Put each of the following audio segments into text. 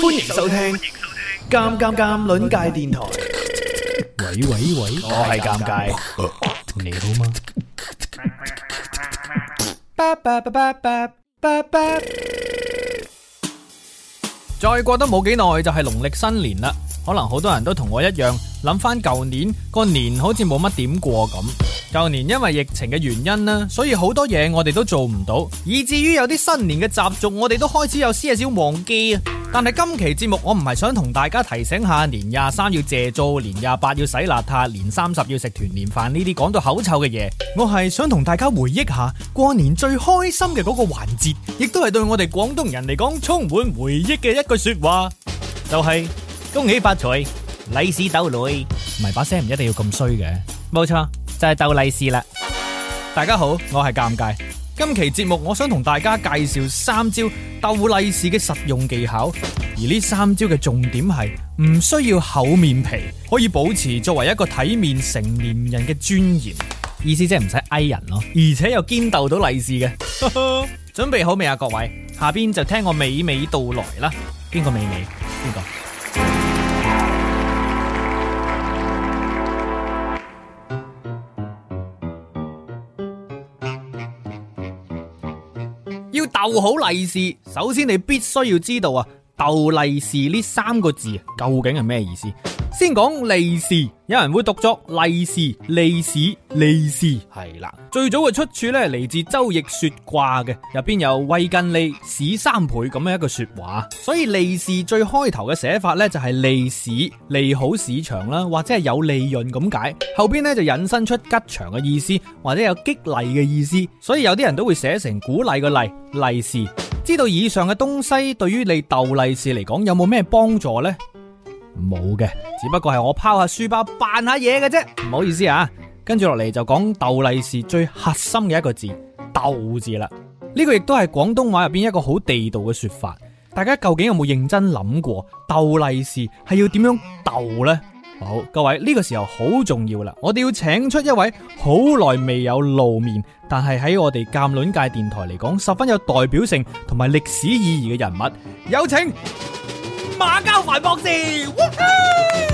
歡迎收聽《尷尷尷》輪界電台。喂喂喂，喂喂我係尷尬。 你好嗎？ 再過得冇幾耐就係農曆新年啦，可能好多人都同我一樣諗翻舊年個年，年好似冇乜點過咁。舊年因為疫情嘅原因啦，所以好多嘢我哋都做唔到，以至於有啲新年嘅習俗我哋都開始有少少忘記啊。但係今期節目我唔係想同大家提醒下，年廿三要借灶、年廿八要洗邋遢、年三十要食團年飯呢啲講到口臭嘅嘢，我係想同大家回憶下過年最開心嘅嗰個環節，亦都係對我哋廣東人嚟講充滿回憶嘅一句說話，就係恭喜發財，利市斗來。唔係把聲唔一定要咁衰嘅，冇錯。就係斗利是啦！大家好，我係尷尬。今期節目我想同大家介紹三招斗利是嘅實用技巧，而呢三招嘅重點係唔需要厚面皮，可以保持作為一個體面成年人嘅尊嚴，意思即係唔使求人咯，而且又堅斗到利是嘅。 準備好未啊，各位？下邊就聽我娓娓道來啦。邊個娓娓？邊個。鬥好利是，首先你必須要知道啊，鬥利是呢三個字究竟係咩意思？先講利是，有人會讀作利是。利是，利是，係啦。最早嘅出處呢嚟自《周易》說卦嘅，入邊有“為近利市三倍”咁樣一個說話。所以利是最開頭嘅寫法呢，就係利市，利好市場啦，或者係有利潤咁解。後邊呢，就引申出吉祥嘅意思，或者有激勵嘅意思。所以有啲人都會寫成鼓勵嘅勵。利是，知道以上嘅東西對於你鬥利是嚟講有冇咩幫助呢？冇嘅，只不過係我拋下書包扮下嘢嘅啫。唔好意思啊，跟住落嚟就講斗利是最核心嘅一個字斗字啦。呢個亦都係廣東話入面一個好地道嘅說法。大家究竟有冇認真諗過斗利是係要點樣斗呢？好，各位呢個時候好重要啦，我哋要請出一位好耐未有露面，但係喺我哋鑒論界電台嚟講十分有代表性同埋歷史意義嘅人物，有請。馬交凡博士，哇！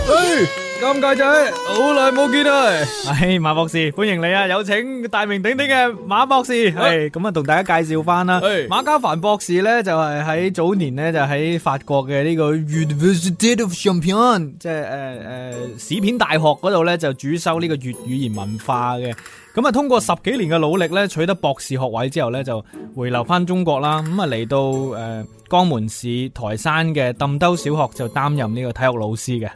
哎，尷尬仔，好耐冇見啦！係、哎、馬博士，歡迎你啊！有請大名鼎鼎嘅馬博士，係咁啊，同、哎、大家介紹翻啦。哎、馬家凡博士咧，就係、是、喺早年咧，就喺法國嘅呢個 University of Champion，即係誒誒市片大學嗰度咧，就主修呢個粵語言文化嘅。咁啊，通過十幾年嘅努力咧，取得博士學位之後咧，就回流翻中國啦。咁啊，嚟到誒江門市台山嘅氹兜小學就擔任呢個體育老師嘅。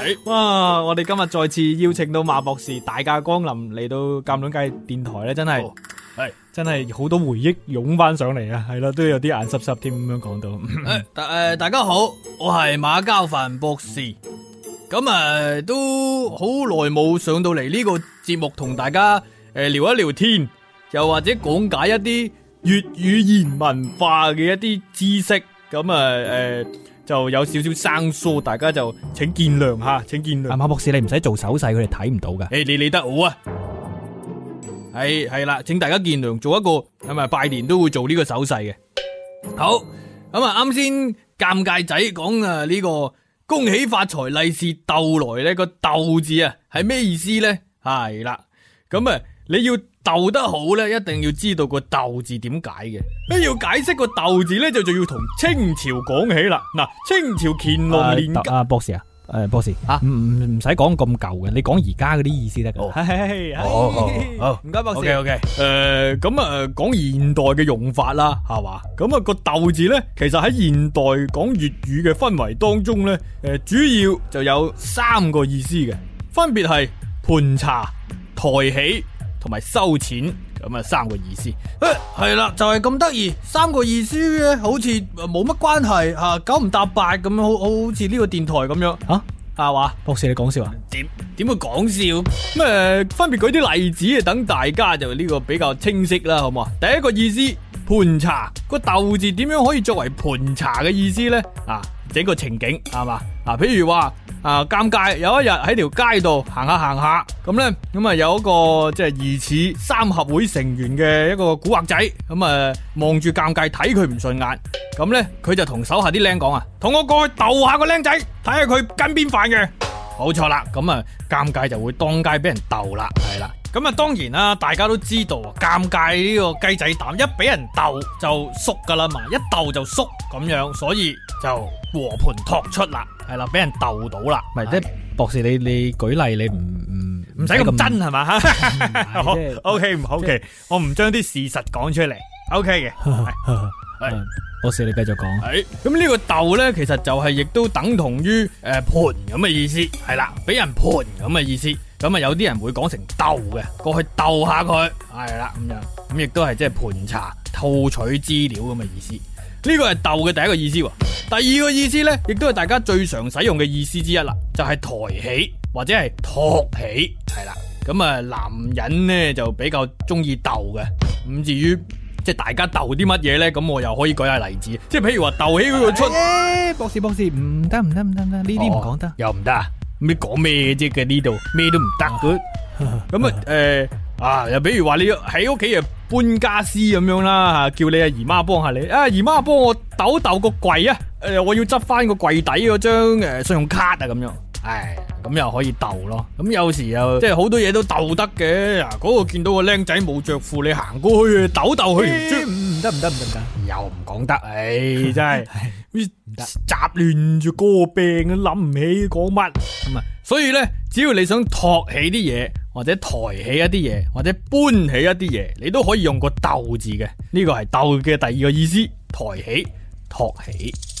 哇！我哋今日再次邀請到馬博士大駕光臨嚟到鑑論界電台咧，真係係真係好多回憶湧翻上嚟啊！係咯，都有啲眼濕濕添咁樣講到。誒，大誒，大家好，我係馬交凡博士。咁啊，都好耐冇上到嚟呢個節目同大家誒聊一聊天，又或者講解一啲粵語言文化嘅一啲知識。咁啊，誒。就有少少生疏，大家就請見諒吓，請見諒。馬博士，你唔使做手勢，佢哋睇唔到噶。誒，你理得好啊，係係啦，請大家見諒，做一個係咪拜年都會做呢個手勢嘅。好，咁啊啱先尷尬仔講啊呢個恭喜發財利是逗來呢個鬥字啊係咩意思咧？係啦。咁啊，嗯，你要鬥得好咧，一定要知道個鬥字點解嘅。你要解釋個鬥字咧，就就要同清朝講起啦。嗱，清朝乾隆年啊，博士啊，誒，博士吓，唔唔使講咁舊嘅，你講而家嗰啲意思得。係好唔該，博士。O K 誒，咁啊，講現代嘅用法啦，係嘛？咁啊，個鬥字咧，其實喺現代講粵語嘅氛圍當中咧，誒，主要就有三個意思嘅，分別係盤查。抬起同埋收錢咁啊、欸就是，三個意思，係啦就係咁得意，三個意思咧好似冇乜關係吓，九唔搭八咁樣，好好似呢個電台咁樣吓啊？話、啊、博士你講笑啊？點點會講笑？咩、嗯呃、分別舉啲例子啊？等大家就呢個比較清晰啦，好唔好啊？第一個意思，盤查，個豆字點樣可以作為盤查嘅意思咧？啊！整個情景係嘛？嗱，譬如話啊，尷、啊、尬有一日喺條街度行下行下，咁呢，咁啊有一個即係、就是、疑似三合會成員嘅一個古惑仔，咁啊望住尷尬睇佢唔順眼，咁呢，佢就同手下啲僆講啊，同我過去鬥下個僆仔，睇下佢跟邊範嘅。冇錯啦，咁啊尷尬就會當街俾人鬥啦，係啦。咁啊當然啦、啊，大家都知道啊，尷尬呢個雞仔膽一俾人鬥就縮噶啦嘛，一鬥就縮咁樣，所以就。和盤托出啦，係啦，俾人鬥到啦。咪即博士，你你舉例，你唔唔唔使咁真係嘛吓？O K 唔好奇，我唔將啲事實講出嚟。O K 嘅，博士你繼續講。咁呢個鬥咧，其實就係亦都等同於誒盤咁嘅意思，係啦，俾人盤咁嘅意思。咁啊有啲人會講成鬥嘅，過去鬥下佢，係啦咁樣，咁亦都係即係盤查、套取資料咁嘅意思。呢個係鬥嘅第一個意思喎。第二個意思咧，亦都係大家最常使用嘅意思之一啦，就係、是、抬起或者係托起，係啦。咁、嗯、啊，男人咧就比較中意斗嘅，唔至於即係大家斗啲乜嘢咧。咁我又可以舉下例子，即係譬如話斗起佢個出、哎、博士博士，唔得唔得唔得，呢啲唔講得，又唔得，你講咩啫？嘅呢度咩都唔得。咁啊誒啊，又比如話你喺屋企啊搬家私咁樣啦吓，叫你阿姨媽幫下你，啊姨媽幫我斗斗個櫃啊！誒、呃，我要執翻個櫃底嗰張誒信用卡啊，咁樣，唉，咁又可以斗咯。咁有時又即係好多嘢都斗得嘅。嗱，嗰個見到個僆仔冇着褲，你行過去，鬥鬥去，斗斗佢，唔得唔得唔得唔得，又唔講得，唉，真係唔得，雜亂住個病，諗唔起講乜咁啊。 所以咧，只要你想托起啲嘢，或者抬起一啲嘢，或者搬起一啲嘢，你都可以用個斗字嘅。呢個係斗嘅第二個意思，抬起、托起。托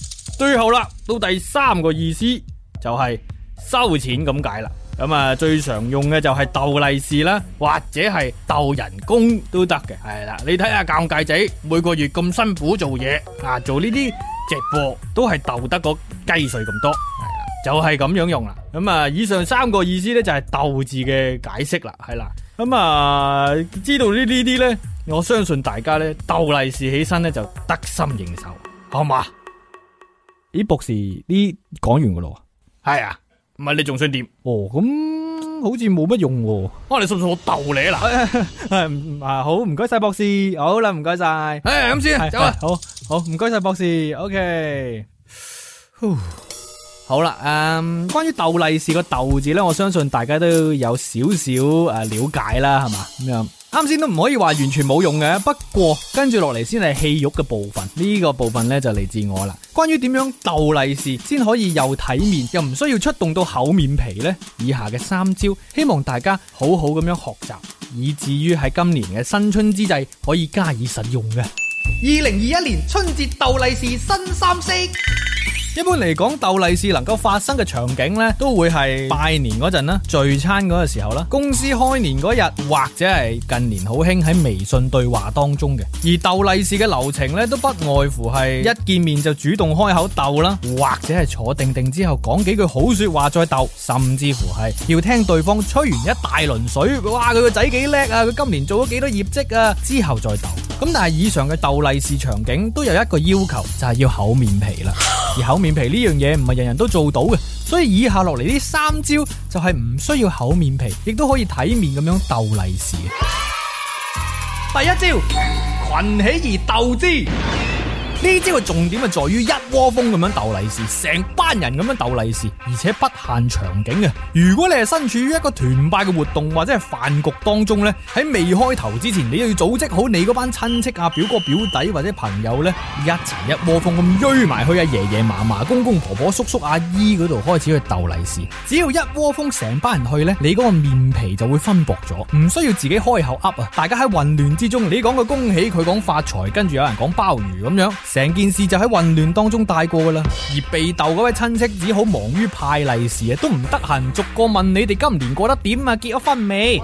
起。最後啦，到第三個意思就係、是、收錢咁解啦。咁啊，最常用嘅就係斗利是啦，或者係斗人工都得嘅，係啦。你睇下尷尬仔每個月咁辛苦做嘢啊，做呢啲直播都係斗得個雞碎咁多，係啦，就係、是、咁樣用啦。咁啊，以上三個意思呢，就係、是、斗字嘅解釋啦，係啦。咁啊，知道呢呢啲呢，我相信大家呢斗利是起身呢，就得心應手，好嘛？咦，博士，呢講完噶咯？係啊，唔係你仲想點？哦，咁好似冇乜用喎。哦，你信唔信我逗你啦？係啊，好，唔該晒博士，好啦，唔該晒。誒，咁先，走啦，好好，唔該晒博士，OK。好，好啦，嗯，關於斗利是個斗字咧，我相信大家都有少少誒了解啦，係嘛咁樣。啱先都唔可以話完全冇用嘅，不過跟住落嚟先係戲肉嘅部分，呢、呢個部分呢就嚟自我啦。關於點樣鬥利是先可以又體面又唔需要出動到厚面皮呢？以下嘅三招希望大家好好咁樣學習，以至於喺今年嘅新春之際可以加以實用嘅。二零二一年春節鬥利是新三式。一般嚟講，斗利是能夠發生嘅場景呢，都會係拜年嗰陣啦，聚餐嗰個時候啦，公司開年嗰日，或者係近年好興喺微信對話當中嘅。而斗利是嘅流程呢，都不外乎係一見面就主動開口斗啦，或者係坐定定之後講幾句好說話再斗，甚至乎係要聽對方吹完一大輪水，哇，佢個仔幾叻啊，佢今年做咗幾多業績啊，之後再斗。咁但係以上嘅斗利是場景，都有一個要求，就係要厚面皮啦，而厚。面皮呢樣嘢唔係人人都做到嘅，所以以下落嚟呢三招就係唔需要厚面皮，亦都可以體面咁樣鬥利是。 第一招，群起而鬥之。呢招嘅重點啊，在於一窩蜂咁樣鬥利是，成班人咁樣鬥利是，而且不限場景啊！如果你係身處於一個團拜嘅活動或者係飯局當中呢，喺未開頭之前，你要組織好你嗰班親戚啊、表哥表弟或者朋友呢，一齊一窩蜂咁追埋去阿爺爺嫲嫲、公公婆婆、叔叔阿姨嗰度開始去鬥利是。只要一窩蜂成班人去呢，你嗰個面皮就會分薄咗，唔需要自己開口噏啊！大家喺混亂之中，你講個恭喜，佢講發財，跟住有人講鮑魚咁樣。成件事就喺混亂當中帶過噶啦，而被逗嗰位親戚只好忙於派利是啊，都唔得閒逐個問你哋今年過得點啊，結咗婚未？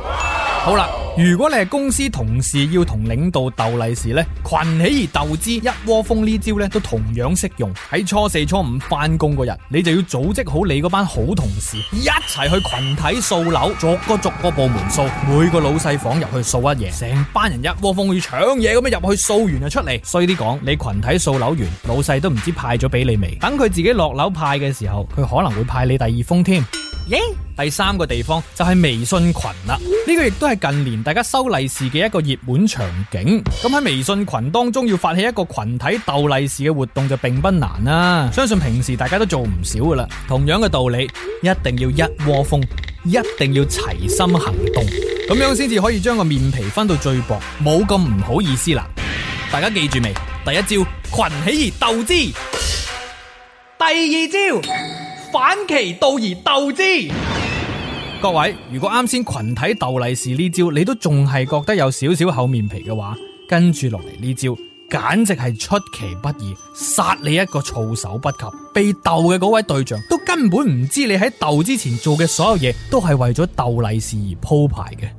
好啦，如果你係公司同事要同領導鬥利是咧，群起而鬥之，一窩蜂呢招咧都同樣適用。喺初四初五翻工嗰日，你就要組織好你嗰班好同事一齊去群體掃樓，逐個逐個部門掃，每個老細房入去掃一嘢，成班人一窩蜂如搶嘢咁樣入去掃完就出嚟。衰啲講，你群體掃樓完，老細都唔知派咗俾你未？等佢自己落樓派嘅時候，佢可能會派你第二封添。Yeah. 第三個地方就係微信群啦，呢、這個亦都係近年大家收利是嘅一個熱門場景。咁喺微信群當中要發起一個群體鬥利是嘅活動就並不難啦、啊，相信平時大家都做唔少噶啦。同樣嘅道理，一定要一窩蜂，一定要齊心行動，咁樣先至可以將個面皮分到最薄，冇咁唔好意思啦。大家記住未？第一招群起而鬥之，第二招。反其道而鬥之，各位，如果啱先群體鬥利是呢招，你都仲係覺得有少少厚面皮嘅話，跟住落嚟呢招簡直係出其不意，殺你一個措手不及。被鬥嘅嗰位對象都根本唔知你喺鬥之前做嘅所有嘢都係為咗鬥利是而鋪排嘅。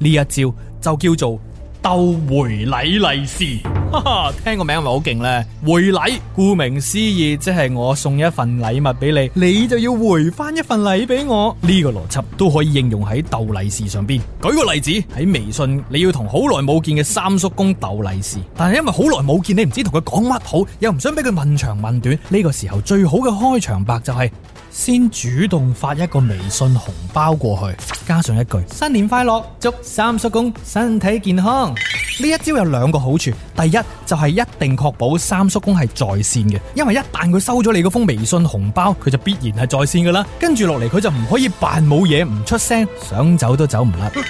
呢一招就叫做。鬥回禮利是，哈哈，聽個名咪好勁咧！回禮，顧名思義，即係我送一份禮物俾你，你就要回返一份禮俾我。呢個邏輯都可以應用喺鬥利是上邊。舉個例子，喺微信你要同好耐冇見嘅三叔公鬥利是，但係因為好耐冇見，你唔知同佢講乜好，又唔想俾佢問長問短，呢個時候最好嘅開場白就係。先主動發一個微信紅包過去，加上一句新年快樂，祝三叔公身體健康。呢一招有兩個好處，第一就係、是、一定確保三叔公係在線嘅，因為一旦佢收咗你嗰封微信紅包，佢就必然係在線㗎喇。跟住落嚟佢就唔可以扮冇嘢，唔出聲，想走都走唔甩。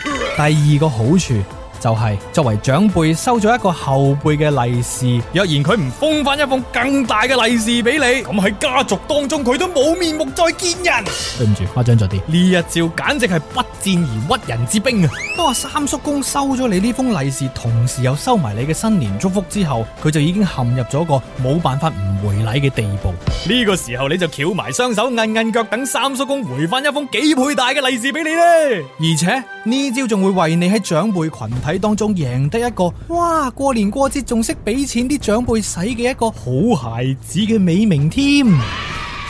第二個好處。就係、是、作為長輩收咗一個後輩嘅利是，若然佢唔封翻一封更大嘅利是俾你，咁喺家族當中佢都冇面目再見人。對唔住，誇張咗啲。呢一招簡直係不戰而屈人之兵啊！都話 三叔公收咗你呢封利是，同時又收埋你嘅新年祝福之後，佢就已經陷入咗個冇辦法唔回禮嘅地步。呢個時候你就翹埋雙手，硬硬腳等三叔公回翻一封幾倍大嘅利是俾你咧。而且呢招仲會為你喺長輩群喺當中贏得一個哇，過年過節仲識俾錢啲長輩使嘅一個好孩子嘅美名添，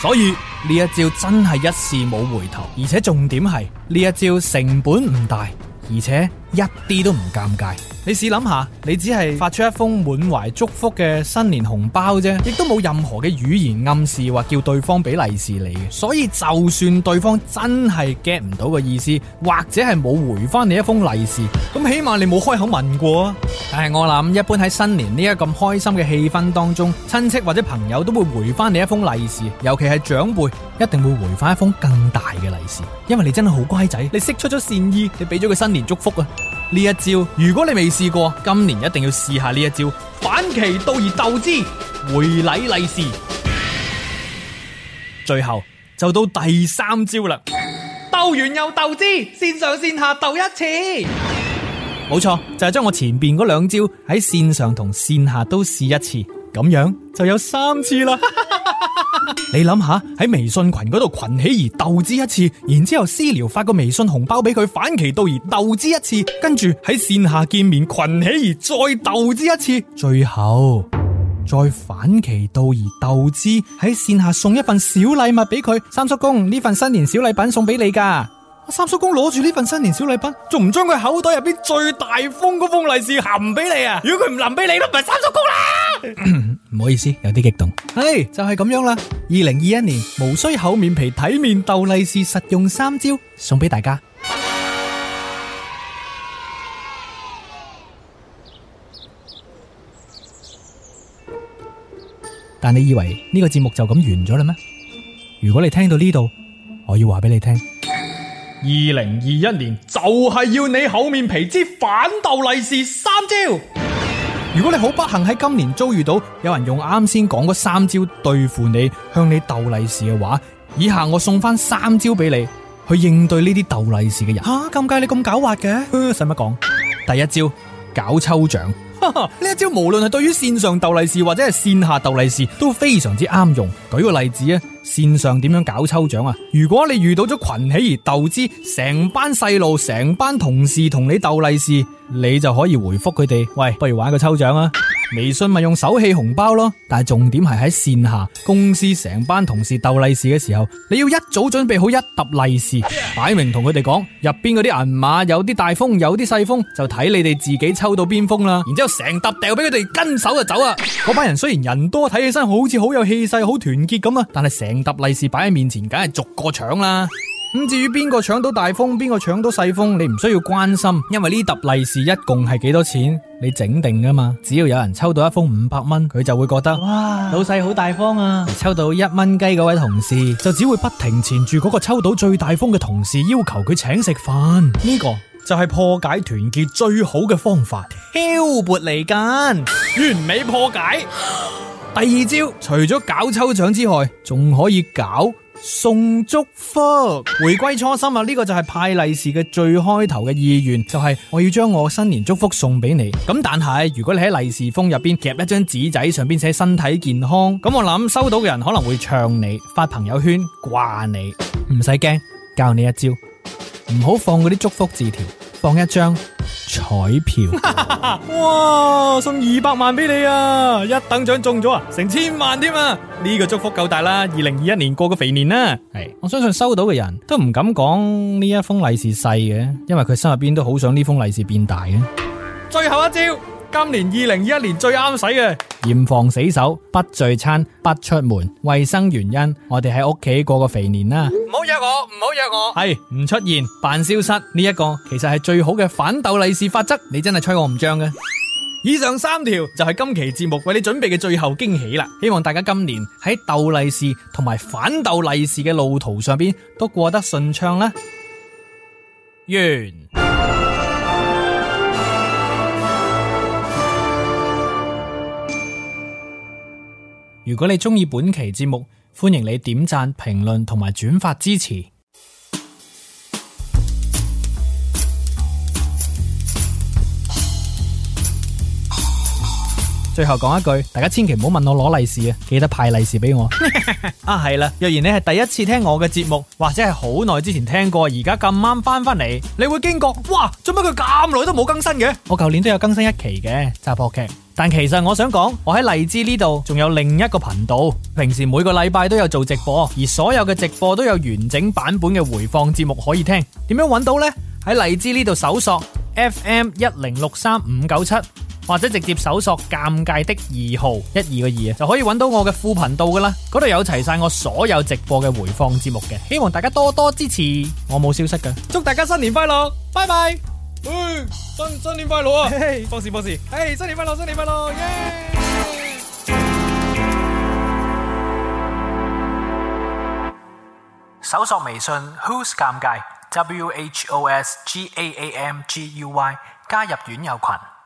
所以呢一招真係一試冇回頭，而且重點係呢一招成本唔大，而且。一啲都唔尷尬，你試諗下，你只係發出一封滿懷祝福嘅新年紅包啫，亦都冇任何嘅語言暗示或叫對方俾利是你，所以就算對方真係 get 唔到個意思，或者係冇回翻你一封利是，咁起碼你冇開口問過啊。但係我諗，一般喺新年呢一咁開心嘅氣氛當中，親戚或者朋友都會回翻你一封利是，尤其係長輩，一定會回翻一封更大嘅利是，因為你真係好乖仔，你識出咗善意，你俾咗個新年祝福啊！呢一招如果你未試過，今年一定要試下呢一招反其道而鬥之，回禮利是。 最後就到第三招啦，鬥 完又鬥之，線上線下鬥一次。冇錯， 就係、是、將我前面嗰兩招喺線上同線下都試一次。咁樣就有三次啦。 你諗下喺微信群嗰度群起而鬥之一次，然之後私聊發個微信紅包俾佢，反其道而鬥之一次，跟住喺綫下見面群起而再鬥之一次，最後再反其道而鬥之，喺綫下送一份小禮物俾佢。三叔公呢份新年小禮品送俾你噶。三叔公攞住呢份新年小禮品，仲唔將佢口袋入邊最大封封利是含俾你啊？如果佢唔含俾你，都唔係三叔公啦！唔 好意思，有啲激動。係、hey, 就係咁樣啦。二零二一年，無需厚面皮，體面斗利是，實用三招送俾大家。 但你以為呢個節目就咁完咗啦咩？如果你聽到呢度，我要話俾你聽。二零二一年就係要你厚面皮之反斗利是三招。如果你好不幸喺今年遭遇到有人用啱先講嗰三招對付你，向你斗利是嘅話，以下我送翻三招俾你去應對呢啲斗利是嘅人。吓，啊，咁解你咁狡猾嘅，使乜講？第一招搞抽獎。呢一招無論係對於線上斗利是或者係線下斗利是都非常之啱用。舉個例子啊，線上點樣搞抽獎啊？如果你遇到咗群起而斗之，成班細路、成班同事同你斗利是，你就可以回复佢哋，喂，不如玩個抽獎啊！微信咪用手氣紅包咯。但係重點係喺線下公司成班同事鬥利是嘅時候，你要一早準備好一沓利是，擺明同佢哋講，入邊嗰啲銀碼有啲大風，有啲細風，就睇你哋自己抽到邊風啦。然之後成沓掉俾佢哋，跟手就走啊！嗰班人雖然人多，睇起身好似好有氣勢、好團結咁啊，但係成沓利是擺喺面前，梗係逐個搶啦。咁至於邊個搶到大封，邊個搶到細封，你唔需要關心，因為呢沓利是一共係幾多錢，你整定噶嘛。只要有人抽到一封五百蚊，佢就會覺得哇，老細好大方啊！抽到一蚊雞嗰位同事，就只會不停纏住嗰個抽到最大封嘅同事，要求佢請食飯。呢個就係破解團結最好嘅方法，挑撥離間，完美破解。 第二招，除咗搞抽獎之外，仲可以搞。送祝福，回歸初心啊！呢個就係派利是嘅最開頭嘅意願，就係我要將我新年祝福送俾你。咁但係，如果你喺利是封入邊夾一張紙仔，上邊寫身體健康，咁我諗收到嘅人可能會唱你，發朋友圈掛你。唔使驚，教你一招，唔好放嗰啲祝福字條，放一張。彩票 哇，送二百萬俾你啊！一等獎中咗啊，成千萬添啊！呢、呢個祝福夠大啦，二零二一年過個肥年啦。係，我相信收到嘅人都唔敢講呢一封利是細嘅，因為佢心入邊都好想呢封利是變大嘅。最後一招。今年二零二一年最啱使嘅，嚴防死守，不聚餐，不出門，衛生原因，我哋喺屋企過個肥年啦。唔好約我，唔好約我，係唔出現扮消失呢一個，其實係最好嘅反斗利是法則。你真係吹我唔脹嘅。以上三條就係今期節目為你準備嘅最後驚喜啦。希望大家今年喺斗利是同埋反斗利是嘅路途上邊都過得順暢啦。完。如果你中意本期節目，歡迎你點讚、評論同埋轉發支持。 最後講一句，大家千祈唔好問我攞利是啊！記得派利是俾我 啊！係啦，若然你係第一次聽我嘅節目，或者係好耐之前聽過，而家咁啱翻返嚟，你會驚覺哇，做乜佢咁耐都冇更新嘅？我舊年都有更新一期嘅《就破劇》。但其實我想講，我喺荔枝呢度仲有另一個頻道，平時每個禮拜都有做直播，而所有嘅直播都有完整版本嘅回放節目可以聽。點樣揾到呢？喺荔枝呢度搜索 FM 一零六三五九七，或者直接搜索尷尬的二號一二個二，就可以揾到我嘅副頻道噶啦。嗰度有齊晒我所有直播嘅回放節目嘅，希望大家多多支持。我冇消息噶，祝大家新年快樂，拜拜。嗯，祝祝新年快樂啊！放心，放心，哎，新年快樂，新年快樂，耶！搜索微信，whose 尷尬，W H O S G A A M G U Y，加入院友群。